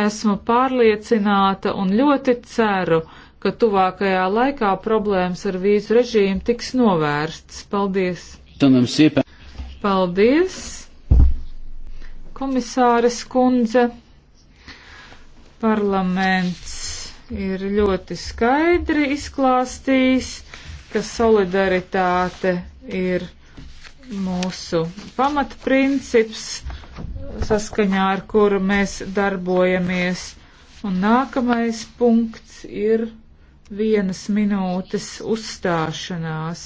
Esmu pārliecināta un ļoti ceru, ka tuvākajā laikā problēmas ar vīzu režīmu tiks novērsts. Paldies! Paldies, komisāres kundze! Parlaments ir ļoti skaidri izklāstījis, ka solidaritāte ir mūsu pamatprincips saskaņā ar kuru mēs darbojamies. Un nākamais punkts ir vienas minūtes uzstāšanās.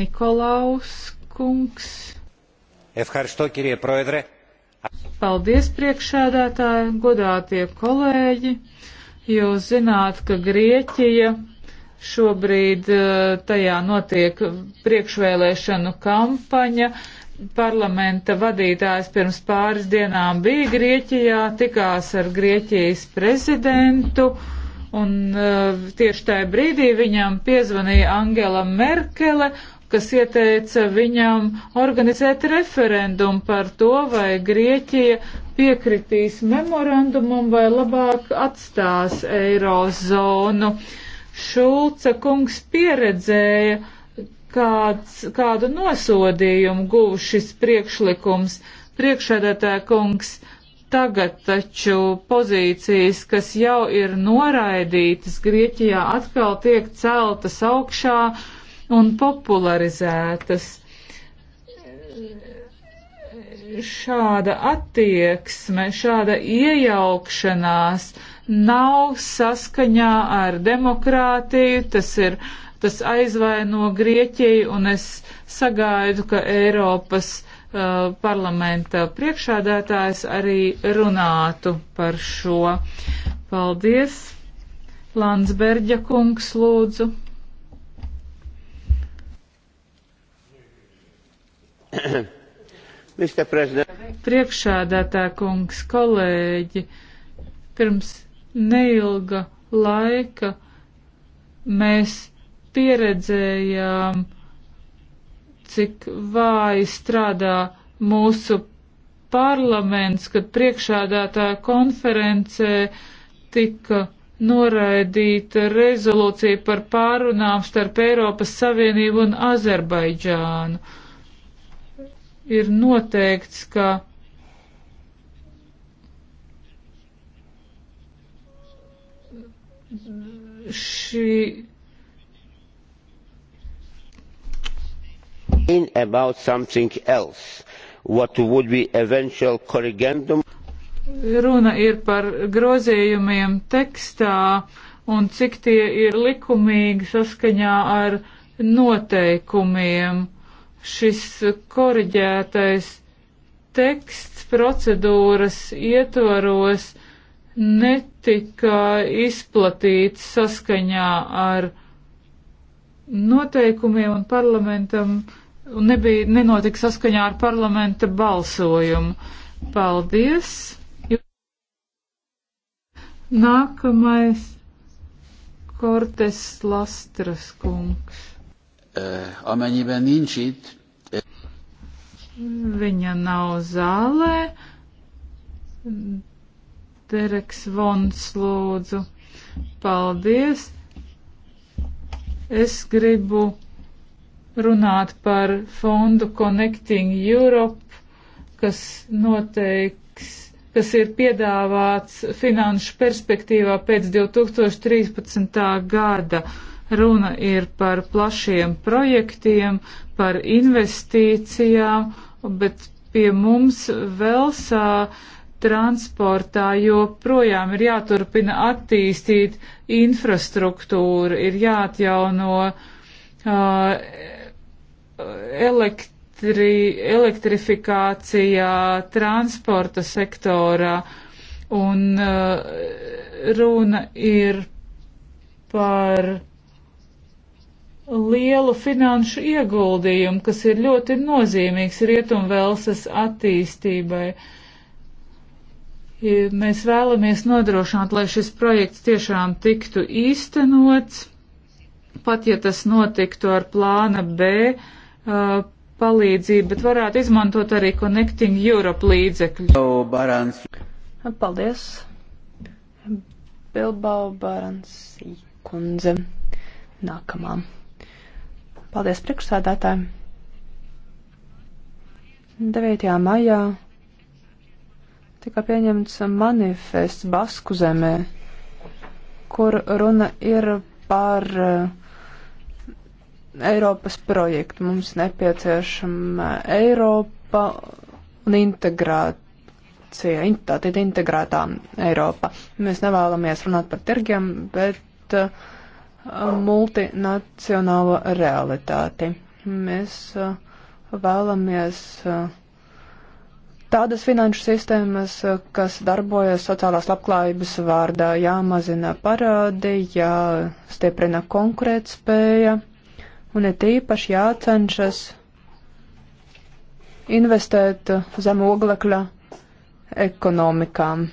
Nikolaus kungs. Efharsto, kirie proedre. Paldies, priekšsēdētāji, godātie kolēģi. Jūs zināt, ka Grieķija Šobrīd eh, tajā notiek priekšvēlēšanu kampaņa. Parlamenta vadītājs pirms pāris dienām bija Grieķijā, tikās ar Grieķijas prezidentu, un eh, tieši tajā brīdī viņam piezvanīja Angela Merkele kas ieteica viņam organizēt referendumu par to, vai Grieķija piekritīs memorandumam vai labāk atstās eirozonu. Uh, Šulca kungs pieredzēja, kāds, kādu nosodījumu guv šis priekšlikums. Priekšēdētāja kungs tagad taču pozīcijas, kas jau ir noraidītas Grieķijā, atkal tiek celtas augšā un popularizētas šāda attieksme, šāda iejaukšanās nav saskaņā ar demokrātiju, tas ir, tas aizvaino Grieķiju, un es sagaidu, ka Eiropas uh, parlamenta priekšādātājs arī runātu par šo. Paldies! Landsberģa kungs lūdzu. Priekšādātā kungs, kolēģi, pirms neilga laika mēs pieredzējām, cik vāji strādā mūsu parlaments, kad priekšādātā konferencē tika noraidīta rezolūcija par pārunām starp Eiropas Savienību un Azerbaidžānu ir noteikts, ka šī. In about something else, what would be eventual corrigendum. Runa ir par grozījumiem tekstā un cik tie ir likumīgi saskaņā ar noteikumiem šis koriģētais teksts procedūras ietvaros netika izplatīts saskaņā ar noteikumiem un parlamentam un nebija, nenotika saskaņā ar parlamenta balsojumu. Paldies! Nākamais Kortes Lastras kungs. Eh, amennyiben nincs itt. Eh, Viņa nav zālē. Dereks Vons lūdzu. Paldies. Es gribu runāt par fondu Connecting Europe, kas noteiks, kas ir piedāvāts finanšu perspektīvā pēc 2013. gada. Runa ir par plašiem projektiem, par investīcijām, bet pie mums Velsā transportā joprojām ir jāturpina attīstīt infrastruktūru, ir jāatjauno uh, elektri, elektrifikācijā, transporta sektorā, un uh, runa ir par lielu finanšu ieguldījumu, kas ir ļoti nozīmīgs Rietumvelsas attīstībai. Mēs vēlamies nodrošināt, lai šis projekts tiešām tiktu īstenots, pat ja tas notiktu ar plāna B uh, palīdzību, bet varētu izmantot arī Connecting Europe līdzekļus. Paldies! Bilbao Barans kundze nākamā. Paldies priekšsēdētājiem. 9. maijā tika pieņemts manifests Basku zemē, kur runa ir par eh, Eiropas projektu. Mums nepieciešama Eiropa un integrēt integrācija, tā ir integrētā Eiropa. Mēs nevēlamies runāt par tirgiem, bet uh, multinacionālo realitāti. Mēs vēlamies tādas finanšu sistēmas, kas darbojas sociālās labklājības vārdā, jāmazina parādi, jāstieprina konkurētspēja un ir tīpaši jācenšas investēt zem oglekļa ekonomikām.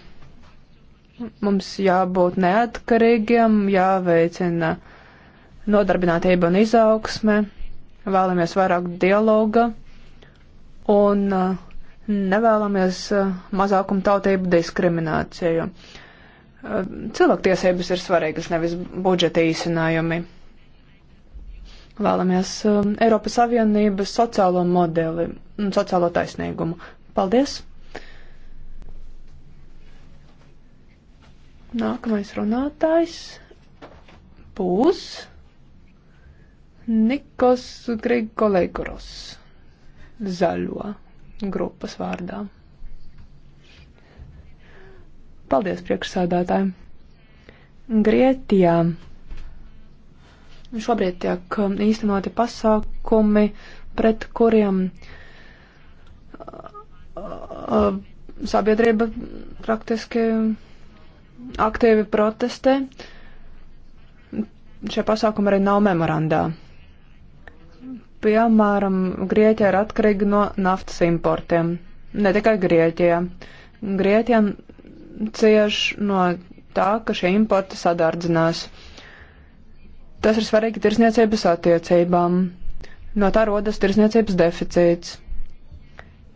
Mums jābūt neatkarīgiem, jāveicina nodarbinātība un izaugsme, vēlamies vairāk dialoga un uh, nevēlamies uh, mazākumu tautību diskrimināciju. Uh, cilvēktiesības ir svarīgas, nevis budžeta īsinājumi. Vēlamies Eiropas Savienības sociālo modeli un sociālo taisnīgumu. Paldies! Nākamais runātājs būs Nikos Grigolegoros zaļo grupas vārdā. Paldies priekšsādātājiem. Grietijā šobrīd tiek īstenoti pasākumi, pret kuriem uh, uh, sabiedrība praktiski aktīvi protestē. Šie pasākumi arī nav memorandā. Piemēram, Grieķija ir atkarīga no naftas importiem. Ne tikai Grieķija. Grieķija cieš no tā, ka šie importi sadārdzinās. Tas ir svarīgi tirsniecības attiecībām. No tā rodas tirsniecības deficīts.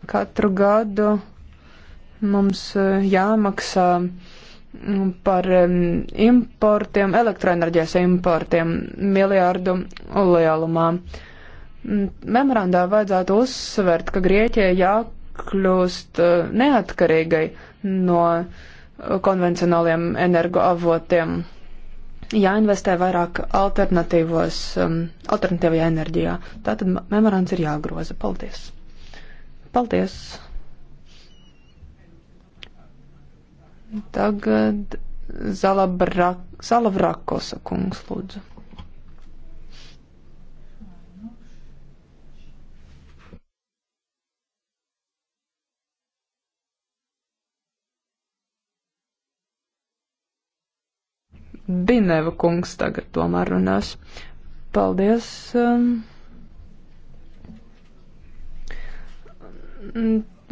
Katru gadu mums eh, jāmaksā uh, par importiem, elektroenerģijas importiem miljārdu lielumā. Mm, memorandā vajadzētu uzsvert, ka Grieķija jākļūst eh, neatkarīgai no konvencionāliem energoavotiem, jāinvestē vairāk alternatīvos, alternatīvajā enerģijā. Tātad memorands ir jāgroza. Paldies! Paldies! Tagad Zalabra, Zalavrakosa kungs lūdzu. Bineva kungs tagad tomēr runās. Paldies. Um,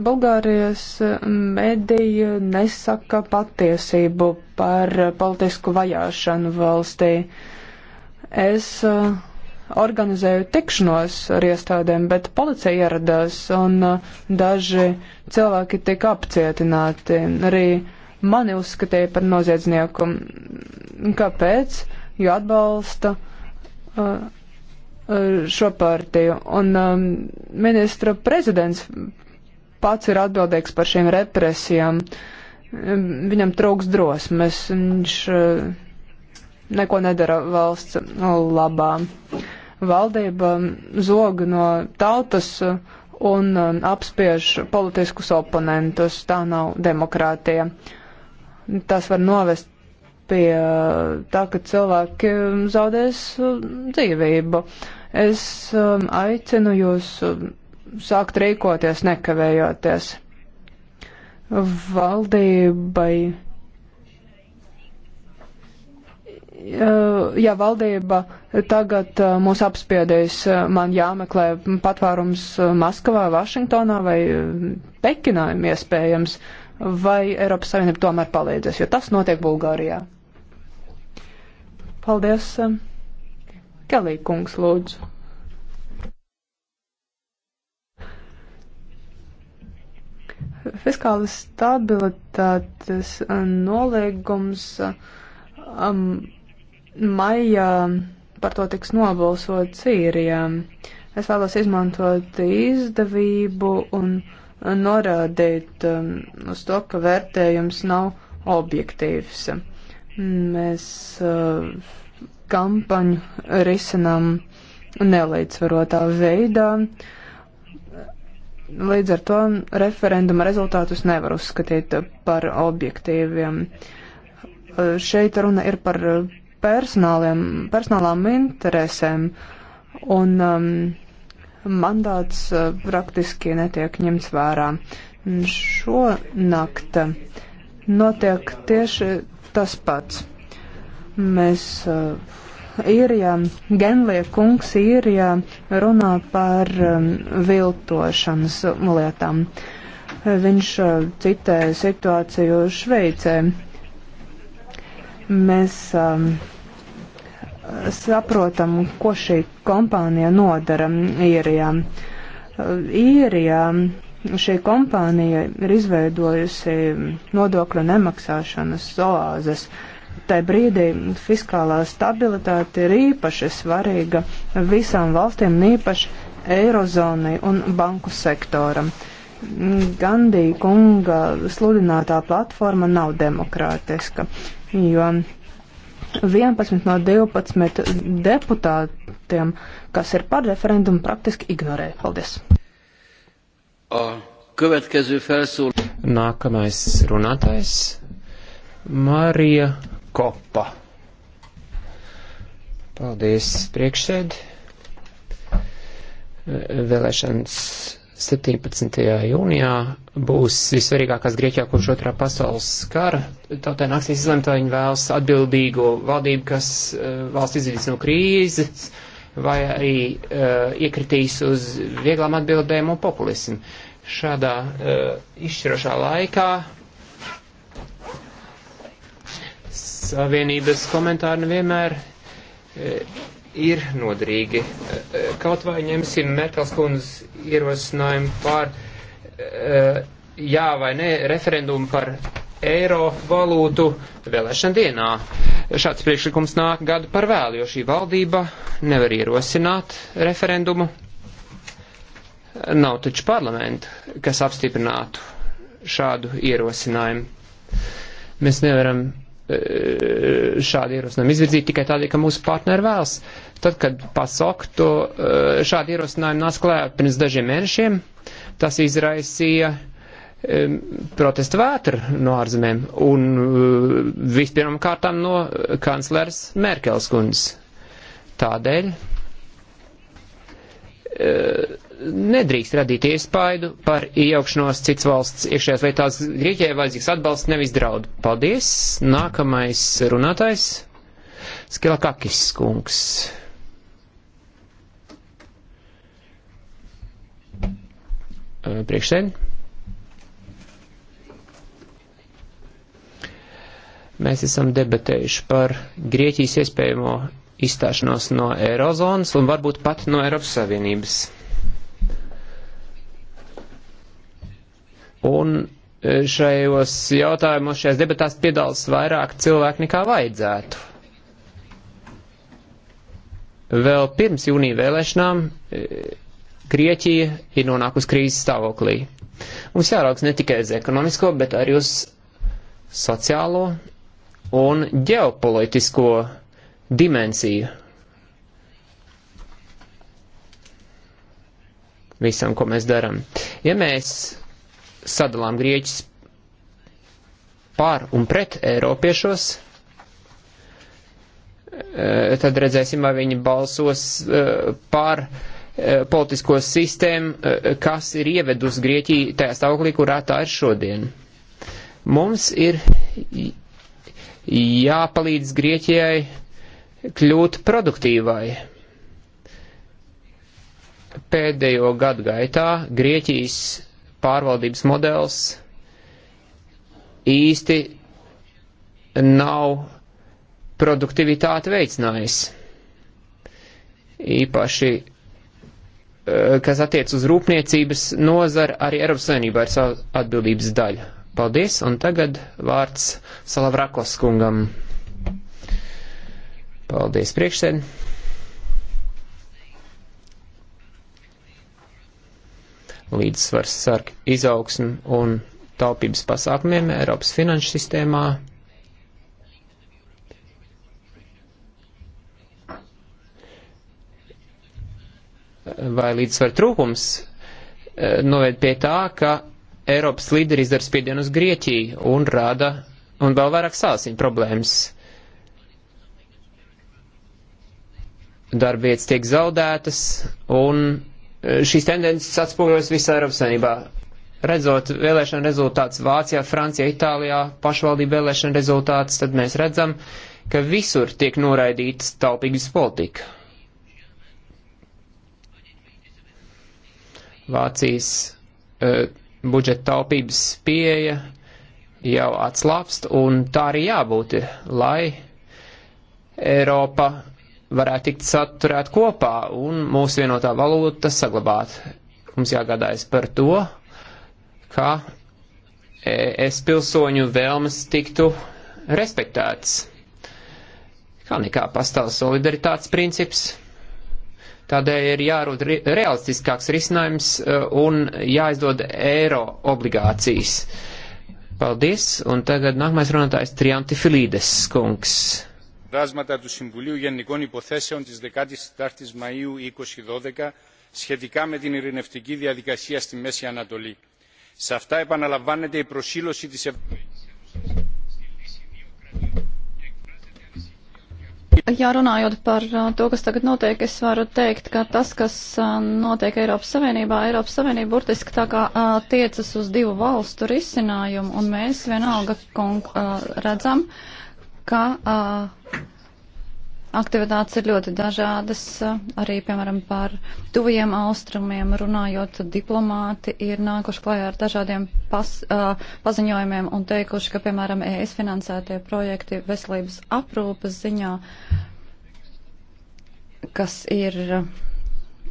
Bulgārijas eh, mediji nesaka patiesību par politisku vajāšanu valstī. Es eh, organizēju tikšanos ar iestādēm, bet policija ieradās un eh, daži cilvēki tika apcietināti. Arī mani uzskatīja par noziedznieku. Kāpēc? Jo atbalsta uh, šo partiju. Un um, ministra prezidents pats ir atbildīgs par šīm represijām. Viņam trūks drosmes, viņš eh, neko nedara valsts labā. Valdība zog no tautas eh, un eh, apspiež politiskus oponentus. Tā nav demokrātija. Tas var novest pie tā, ka cilvēki zaudēs dzīvību. Es aicinu jūs sākt rīkoties nekavējoties. Valdībai. Ja valdība tagad uh, mūs apspiedīs, uh, man jāmeklē patvērums uh, Maskavā, Vašingtonā vai Pekinā iespējams, vai Eiropas Savienība tomēr palīdzēs, jo tas notiek Bulgārijā. Paldies. Kelī kungs, lūdzu. Fiskālas stabilitātes noliegums um, maijā par to tiks nobalsots īrijā. Es vēlos izmantot izdevību un norādīt um, uz to, ka vērtējums nav objektīvs. Mēs uh, kampaņu risinām nelīdzvarotā veidā. Uh, Līdz ar to referenduma rezultātus nevar uzskatīt par objektīviem. Šeit runa ir par personālām interesēm, un um, mandāts uh, praktiski netiek ņemts vērā. Šonakt notiek tieši tas pats. Mēs uh, īrijā, Genlie kungs īrijā runā par um, viltošanas lietām. Viņš uh, citē situāciju Šveicē. Mēs um, saprotam, ko šī kompānija nodara īrijā. Īrijā šī kompānija ir izveidojusi nodokļu nemaksāšanas oāzes. Uh, tai brīdī fiskālā stabilitāte ir īpaši svarīga visām valstīm, īpaši Eirozonai un banku sektoram. Gandī kunga sludinātā platforma nav demokrātiska, jo 11 no 12 deputātiem, kas ir par referendumu, praktiski ignorē. Paldies! Nākamais runātājs Marija Kopa. Paldies, priekšsēdi. Vēlēšanas 17. jūnijā būs visvarīgākās Grieķijā kopš otrā pasaules kara. Tautai nāksies izlemt, vai viņi vēlas atbildīgo valdību, kas eh, valsts izvīs no krīzes, vai arī uh, iekritīs uz vieglām atbildēm un populismu. Šādā uh, izšķirošā laikā Savienības komentāri nevienmēr e, ir noderīgi. E, e, kaut vai ņemsim Merkels kundzes ierosinājumu par jā vai nē referendumu par eiro valūtu vēlēšana dienā. Šāds priekšlikums nāk gadu par vēlu, jo šī valdība nevar ierosināt referendumu. Nav taču parlamentu, kas apstiprinātu šādu ierosinājumu. Mēs nevaram Eh, šādi ierosinājumi izvirzīt tikai tādēļ, ka mūsu partneri vēlas. Tad, kad PASOK to eh, šādi ierosinājumi nāca klējā pirms dažiem mēnešiem, tas izraisīja protesta vētru no ārzemēm un eh, vispirmām kārtām no kanclers Merkels kundzes. Tādēļ nedrīkst radīt iespaidu par iejaukšanos cits valsts iekšējās lietās. Grieķijai vajadzīgs atbalsts, nevis draud. Paldies! Nākamais runātājs - Skilakakis kungs. Priekšsēd. Mēs esam debatējuši par Grieķijas iespējamo izstāšanos no Eirozonas un varbūt pat no Eiropas Savienības. Un e, šajos jautājumos, šajās debatās piedalās vairāk cilvēku nekā vajadzētu. Vēl pirms jūnija vēlēšanām e, Grieķija ir nonākusi krīzes stāvoklī. Mums jāraugs ne tikai uz ekonomisko, bet arī uz sociālo un ģeopolitisko dimensiju. Visam, ko mēs darām. Ja mēs sadalām grieķus pār un pret eiropiešos, eh, tad redzēsim, vai viņi balsos eh, pār eh, politisko sistēmu, kas ir ievedus Grieķiju tajā stāvoklī, kurā tā ir šodien. Mums ir jāpalīdz Grieķijai kļūt produktīvai. Pēdējo gadu gaitā Grieķijas pārvaldības modelis īsti nav produktivitāti veicinājis. Īpaši, eh, kas attiec uz rūpniecības nozara, arī Eiropas Savienībā ir savu atbildības daļu. Paldies, un tagad vārds Salavrakos kungam. Paldies priekšsēdētājiem. līdzsvars starp izaugsmu un taupības pasākumiem Eiropas finanšu sistēmā. Vai līdzsvar trūkums eh, noved pie tā, ka Eiropas līderi izdara spiedienu uz Grieķiju un rada un vēl vairāk sāsina problēmas. Darbvietas tiek zaudētas un šīs tendences atspoguļojas visā Eiropas Savienībā. Redzot vēlēšana rezultātus Vācijā, Francijā, Itālijā, pašvaldību vēlēšana rezultātus, tad mēs redzam, ka visur tiek noraidīts taupīgas politika. Vācijas uh, budžeta taupības pieeja jau atslāpst, un tā arī jābūt, lai Eiropa varētu tikt saturēt kopā un mūsu vienotā valūta saglabāt. Mums jāgādājas par to, ka es pilsoņu vēlmes tiktu respektētas. Kā nekā pastāv solidaritātes princips. Tādēļ ir jārūt realistiskāks risinājums e, un jāizdod eiro obligācijas. Paldies, un tagad nākamais runātājs Trianti Filīdes kungs συμπεράσματα του Συμβουλίου Γενικών Υποθέσεων της 14ης Μαΐου 2012 σχετικά με την ειρηνευτική διαδικασία στη Μέση Ανατολή. Σε αυτά επαναλαμβάνεται η προσήλωση της Ευρωπαϊκής Ja runājot par uh, to, kas tagad notiek, es varu teikt, ka tas, kas uh, notiek Eiropas Savienībā, Eiropas Savienība burtiski tā kā uh, tiecas uz divu valstu risinājumu, un mēs vienalga redzam, ka Aktivitātes ir ļoti dažādas, eh, arī, piemēram, par tuviem austrumiem runājot, diplomāti ir nākuši klajā ar dažādiem pas, uh, paziņojumiem un teikuši, ka, piemēram, ES finansētie projekti veselības aprūpas ziņā, kas ir, eh,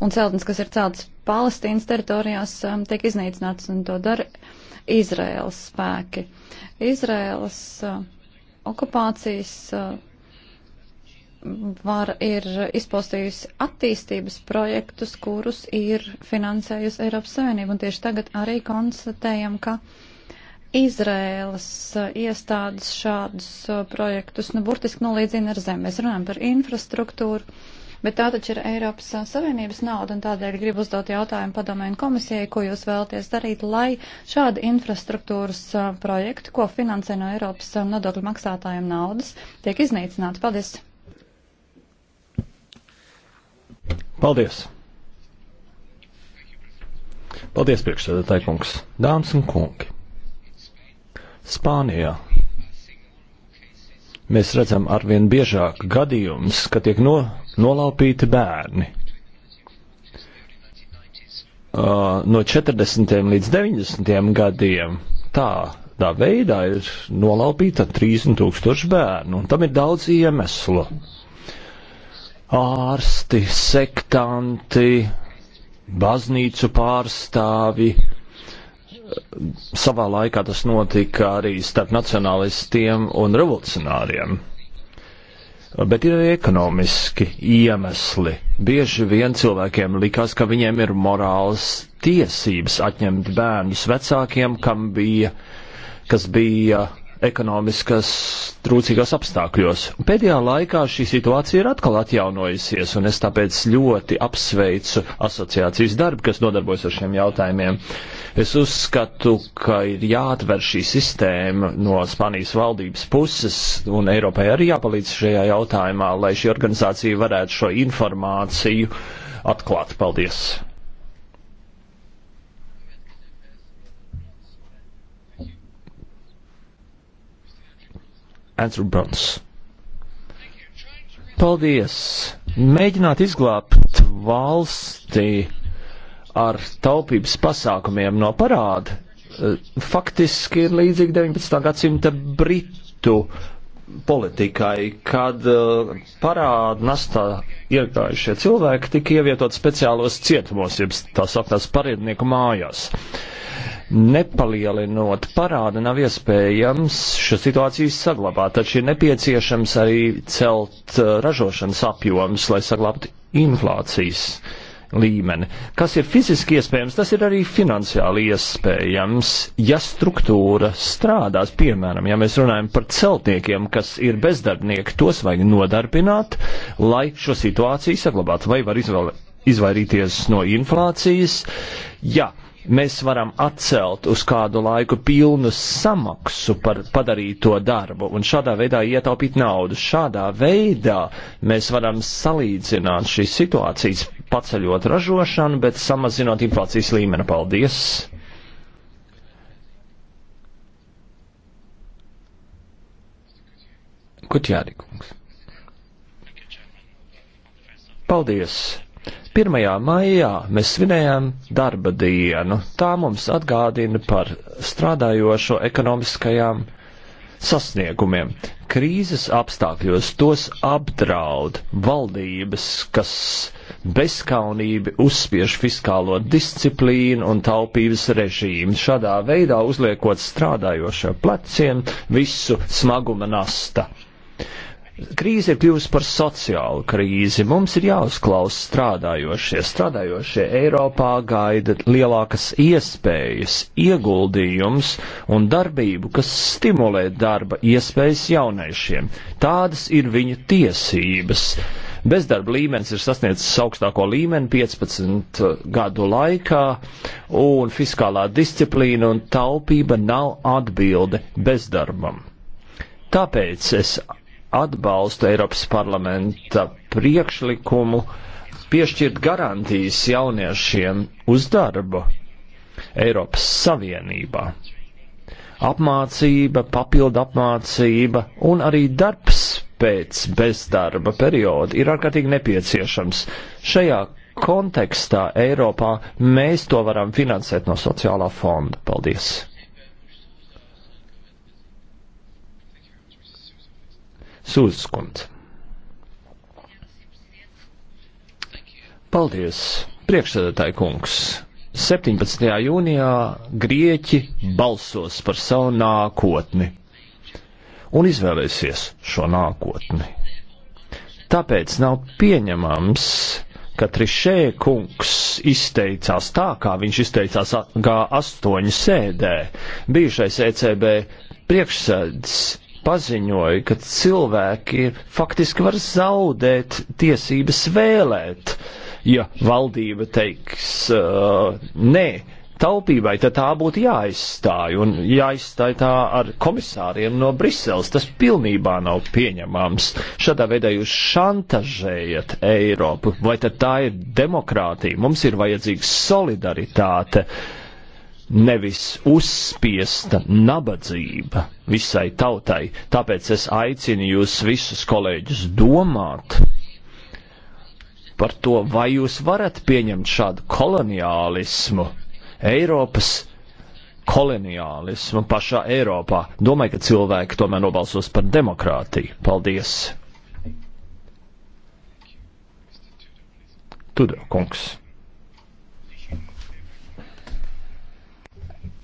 un celtnes, kas ir celtas Palestīnas teritorijās, um, tiek iznīcināts un to dara Izraēlas spēki. Izraēlas uh, okupācijas. Uh, vara ir izpostījusi attīstības projektus, kurus ir finansējusi Eiropas Savienība. Un tieši tagad arī konstatējam, ka Izrēlas uh, iestādes šādus uh, projektus, nu, burtiski nolīdzina ar zemi. Mēs runājam par infrastruktūru, bet tā taču ir Eiropas uh, Savienības nauda, un tādēļ gribu uzdot jautājumu padomē un komisijai, ko jūs vēlaties darīt, lai šādi infrastruktūras projekti, ko finansē no Eiropas nodokļu maksātājiem naudas, tiek iznīcināti. Paldies! Paldies! Paldies, priekšsēdētāji kungs, dāmas un kungi! Spānijā mēs redzam arvien biežāk gadījumus, ka tiek no, nolaupīti bērni. Uh, no 40. līdz 90. gadiem tādā veidā ir nolaupīta 30 tūkstoši bērnu, un tam ir daudz iemeslu. Uh, ārsti, sektanti, baznīcu pārstāvi. Savā laikā tas notika arī starp nacionālistiem un revolucionāriem. Bet ir arī ekonomiski iemesli. Bieži vien cilvēkiem likās, ka viņiem ir morāls tiesības atņemt bērnus vecākiem, kam bija, kas bija uh, ekonomiskas trūcīgos apstākļos. Pēdējā laikā šī situācija ir atkal atjaunojusies, un es tāpēc ļoti apsveicu asociācijas darbu, kas nodarbojas ar šiem jautājumiem. Es uzskatu, ka ir jāatver šī sistēma no Spānijas valdības puses, un Eiropai arī jāpalīdz šajā jautājumā, lai šī organizācija varētu šo informāciju atklāt. Paldies! Andrew Bruns. Paldies! Mēģināt izglābt valsti ar taupības pasākumiem no parāda eh, faktiski ir līdzīgi 19. gadsimta Britu politikai, kad eh, parāda nastā iegājušie cilvēki tika ievietot speciālos cietumos, jeb tā sauktās parādnieku mājās. Nepalielinot parādu nav iespējams šo situāciju saglabāt, taču ir nepieciešams arī celt uh, ražošanas apjoms, lai saglabātu inflācijas līmeni. Kas ir fiziski iespējams, tas ir arī finansiāli iespējams, ja struktūra strādās. Piemēram, ja mēs runājam par celtniekiem, kas ir bezdarbnieki, tos vajag nodarbināt, lai šo situāciju saglabātu vai var izvēlēt izvairīties no inflācijas. Ja mēs varam atcelt uz kādu laiku pilnu samaksu par padarīto darbu un šādā veidā ietaupīt naudu. Šādā veidā mēs varam salīdzināt šīs situācijas, paceļot ražošanu, bet samazinot inflācijas līmeni. Paldies! Kutjāri kungs. Paldies! 1. maijā mēs svinējām darba dienu. Tā mums atgādina par strādājošo ekonomiskajām sasniegumiem. Krīzes apstākļos tos apdraud valdības, kas bezkaunīgi uzspiež fiskālo disciplīnu un taupības režīmu, šādā veidā uzliekot strādājošo pleciem visu smaguma nasta. Krīze ir kļuvusi par sociālu krīzi. Mums ir jāuzklaus strādājošie. Strādājošie Eiropā gaida lielākas iespējas, ieguldījums un darbību, kas stimulē darba iespējas jauniešiem. Tādas ir viņu tiesības. Bezdarba līmenis ir sasniedzis augstāko līmeni 15 gadu laikā, un fiskālā disciplīna un taupība nav atbilde bezdarbam. Tāpēc es atbalstu Eiropas parlamenta priekšlikumu piešķirt garantijas jauniešiem uz darbu Eiropas Savienībā. Apmācība, papildu apmācība un arī darbs pēc bezdarba perioda ir ārkārtīgi nepieciešams. Šajā kontekstā Eiropā mēs to varam finansēt no sociālā fonda. Paldies! Sūzes kundze. Paldies, priekšsēdētāji kungs. 17. jūnijā grieķi balsos par savu nākotni un izvēlēsies šo nākotni. Tāpēc nav pieņemams, ka Trišē kungs izteicās tā, kā viņš izteicās G8 sēdē. Bijušais ECB priekšsēdis paziņoja, ka cilvēki faktiski var zaudēt tiesības vēlēt, ja valdība teiks uh, nē. Taupībai tad tā būtu jāizstāj, un jāizstāj tā ar komisāriem no Briseles. Tas pilnībā nav pieņemams. Šādā veidā jūs šantažējat Eiropu, vai tad tā ir demokrātija? Mums ir vajadzīga solidaritāte. Uh, nevis uzspiesta nabadzība visai tautai. Tāpēc es aicinu jūs visus kolēģus domāt par to, vai jūs varat pieņemt šādu koloniālismu, Eiropas koloniālismu pašā Eiropā. Domāju, ka cilvēki tomēr nobalsos par demokrātiju. Paldies! Tudor kungs.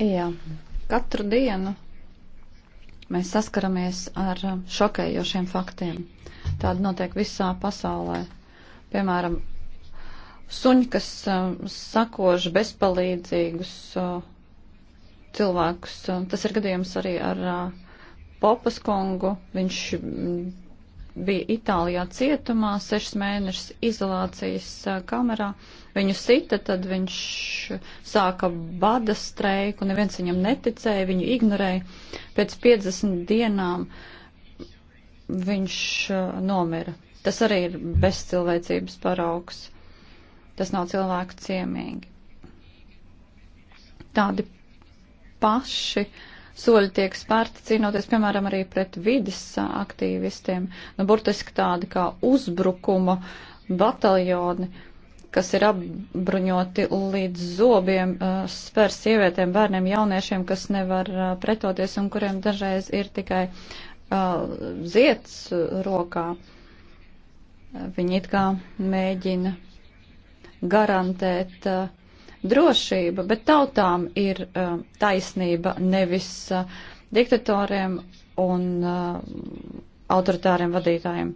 Jā, katru dienu mēs saskaramies ar šokējošiem faktiem. Tāda notiek visā pasaulē. Piemēram, suņi, kas uh, sakož bezpalīdzīgus uh, cilvēkus. Uh, tas ir gadījums arī ar Popas kungu. Viņš mm, bija Itālijā cietumā, sešas mēnešas izolācijas uh, kamerā. Viņu sita, tad viņš sāka bada streiku, neviens viņam neticēja, viņu ignorēja. Pēc 50 dienām viņš uh, nomira. Tas arī ir bezcilvēcības paraugs. Tas nav cilvēku ciemīgi. Tādi paši uh, soļi tiek spērti cīnoties, piemēram, arī pret vidas aktīvistiem, nu, burtiski tādi kā uzbrukuma bataljoni, kas ir apbruņoti līdz zobiem, eh, spēr sievietēm, bērniem, jauniešiem, kas nevar eh, pretoties un kuriem dažreiz ir tikai uh, eh, ziets rokā. Viņi it kā mēģina garantēt uh, drošība, bet tautām ir uh, taisnība, nevis uh, diktatoriem un uh, autoritāriem vadītājiem.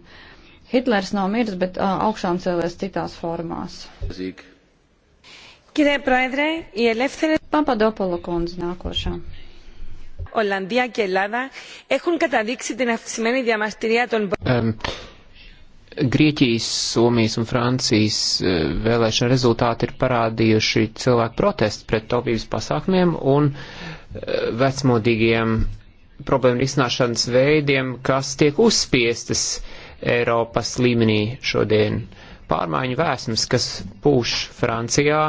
Hitlers nav miris, bet uh, augšām cēlies citās formās. Zīk. Papadopolo kundze nākošā. Olandija και Ελλάδα έχουν καταδείξει την αυξημένη διαμαρτυρία των. Um. Grieķijas, Somijas un Francijas e, vēlēšana rezultāti ir parādījuši cilvēku protestu pret taupības pasākumiem un e, vecmodīgiem problēmu risināšanas veidiem, kas tiek uzspiestas Eiropas līmenī šodien. Pārmaiņu vēsmas, kas pūš Francijā,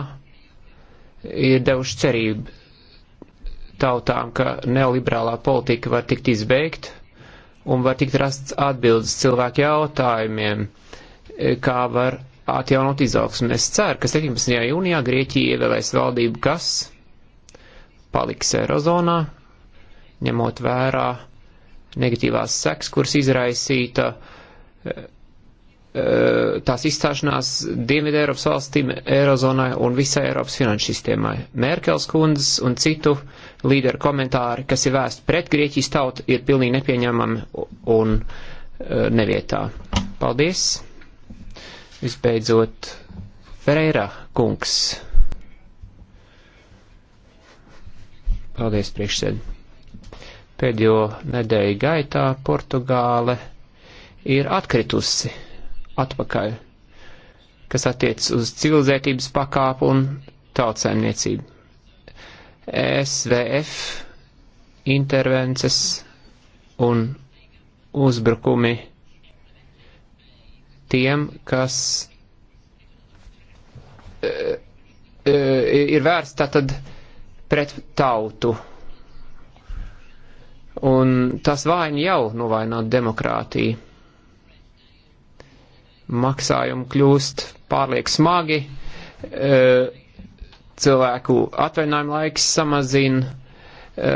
ir devuši cerību tautām, ka neoliberālā politika var tikt izbeigta un var tikt rasts atbildes cilvēku jautājumiem, e, kā var atjaunot izaugsmu. Es ceru, ka 17. jūnijā Grieķija ievēlēs valdību, kas paliks Eirozonā, ņemot vērā negatīvās seks, kuras izraisīta e, E, tās izstāšanās Dienvidē Eiropas valstīm, Eirozonai un visai Eiropas finanšu sistēmai. Merkels kundzes un citu līderu komentāri, kas ir vēsti pret Grieķijas tautu, ir pilnīgi nepieņemami un e, nevietā. Paldies! Visbeidzot, Ferreira kungs. Paldies, priekšsēd. Pēdējo nedēļu gaitā Portugāle ir atkritusi atpakaļ, kas attiec uz civilizētības pakāpu un tautsēmniecību. SVF intervences un uzbrukumi tiem, kas e, e, ir vērsts tātad pret tautu. Un tas vaina jau novainot demokrātiju maksājumi kļūst pārliek smagi, e, cilvēku atvaļinājuma laiks samazina, e,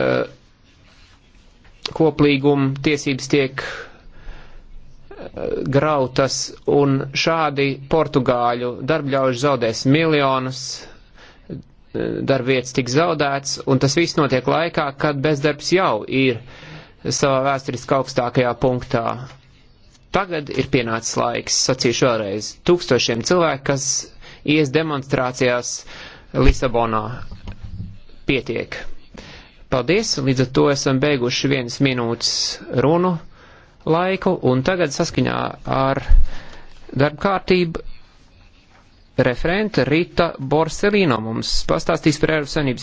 koplīguma tiesības tiek e, grautas, un šādi portugāļu darbļauži zaudēs miljonus, darbvietas tiks zaudēts, un tas viss notiek laikā, kad bezdarbs jau ir savā vēsturiski augstākajā punktā. Tagad ir pienācis laiks, sacīšu vēlreiz, tūkstošiem cilvēku, kas ies demonstrācijās Lisabonā. Pietiek. Paldies, līdz ar to esam beiguši vienas minūtes runu laiku, un tagad saskaņā ar darba kārtību referenta Rita Borselīno mums pastāstīs par Eiropas Savienības